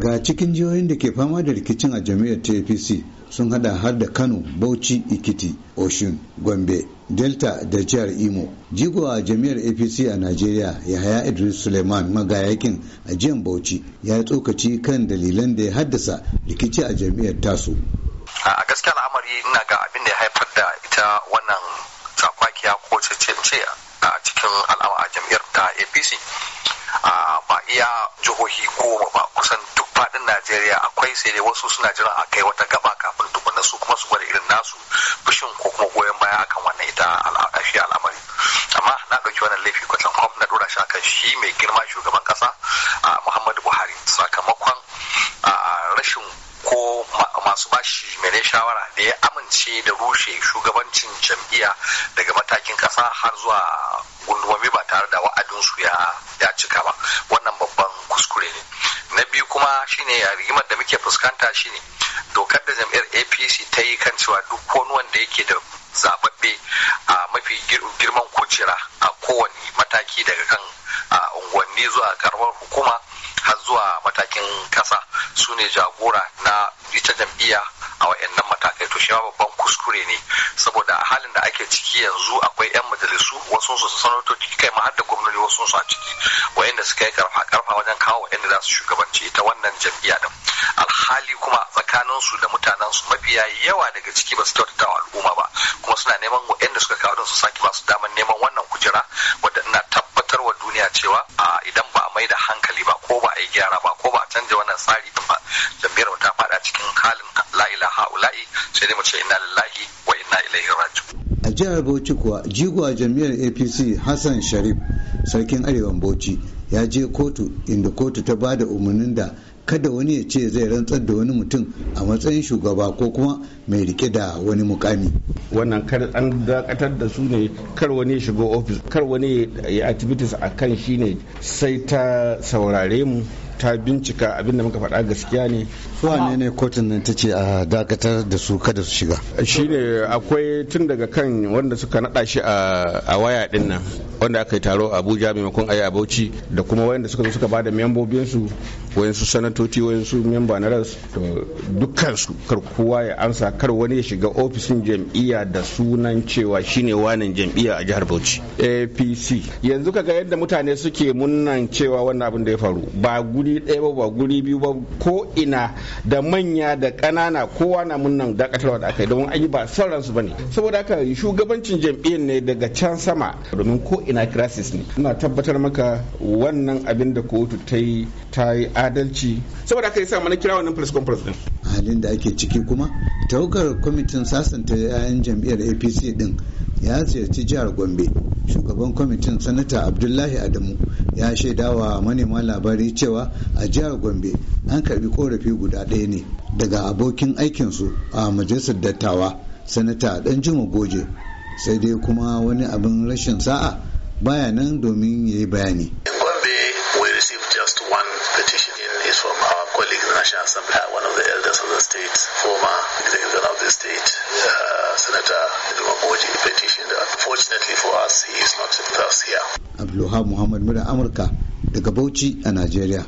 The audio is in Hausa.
daga cikin jihohin da ke fama da rikicin a jami'ar tpc sun hada har da kano bauchi ikiti oshun gombe delta da jihar imo jigo a jami'ar apc a najeriya yahaya idris suleiman magayakin a jihar bauchi ya tsokaci kan dalilan da ya haddasa rikici a jami'ar tasu a gaskiya al'amari ina ga abin da ya haifar da ita wannan tsakwakiya ko cece a cikin al'amari a jami'ar ta apc ba iya jihohi ko ba kusan duk faɗin najeriya akwai sai dai wasu suna jira a kai wata gaba kafin tukuna su kuma su gwada irin nasu fushin ko kuma goyon baya akan wannan ita al'ashi al'amari amma na ɗauki wannan laifi kwatan kwam na ɗora shi akan shi mai girma shugaban ƙasa muhammadu buhari sakamakon rashin ko masu bashi mai shawara da ya amince da rushe shugabancin jam'iyya daga matakin kasa, har zuwa gundumomi ba tare da wa'adinsu ya ne rigimar da muke fuskanta shine dokar da jam'iyyar apc ta yi kan cewa duk wani wanda yake da zababbe a mafi girman kujera a kowane mataki daga kan unguwanni zuwa karamar hukuma har zuwa matakin kasa su ne jagora na ake ciki yanzu akwai 'yan majalisu wasu su ciki kai ma har gwamnati wasu su a ciki wa'inda suka yi karfa karfa wajen kawo wa'inda za su shugabanci ta wannan jam'iyya din alhali kuma tsakanin su da mutanen su mafiya yawa daga ciki ba su kyautata wa al'umma ba kuma suna neman wa'inda suka kawo don su sake ba su daman neman wannan kujera wadda ina tabbatar wa duniya cewa idan ba a mai da hankali ba ko ba a yi gyara ba ko ba a canja wannan tsari din ba jam'iyyar ta faɗa cikin halin la ilaha sai dai mu ce inna lillahi wa inna ilaihi raji'un a jihar bauchi kuwa jigowa jam'iyyar apc hassan sharif sarkin arewan bauchi ya je kotu inda kotu ta ba da umarnin da kada wani ya ce zai rantsar da wani mutum a matsayin shugaba ko kuma mai rike da wani mukami wannan kar an dakatar da su ne kar wani shigo ofis kar wani ya activities a kan shi sai ta saurare mu ta bincika abinda muka faɗa gaskiya ne su ne ne kotun nan tace a dakatar da su kada su shiga shine akwai tun daga kan wanda suka nada shi a waya din nan wanda aka yi taro a Abuja maimakon ayi a Bauchi da kuma wayanda suka zo suka bada membobin su wayansu sanatoci wayansu memba na ras to dukkan su kar kowa ya ansa kar wani ya shiga ofishin jam'iyya da sunan cewa shine wanan jam'iyya a jihar Bauchi APC yanzu kaga yadda mutane suke munnan cewa wannan abin da ya faru ba guri ɗaya ba ba guri biyu ba ko ina da manya da ƙanana kowa na munnan dakatarwa da aka yi domin ayi ba son ransu ne saboda haka shugabancin jam'iyyar ne daga can sama domin ko ina crisis ne ina tabbatar maka wannan abin da kotu ta yi ta yi adalci saboda haka yasa mana kira wannan press conference din halin da ake ciki kuma taukar kwamitin sasanta 'ya'yan jam'iyyar apc din ya ziyarci jihar gombe shugaban kwamitin sanata abdullahi adamu ya shaida wa manema labari cewa a jihar gombe an karbi korafi guda ɗaya ne daga abokin aikinsu a majalisar dattawa sanata dan jima goje sai dai kuma wani abin rashin sa'a baya nan domin ya yi bayani State, former of the state, uh, Senator Edwin Boji, petitioned Abdullahi Muhammad Mura Amurka daga Bauchi a Najeriya.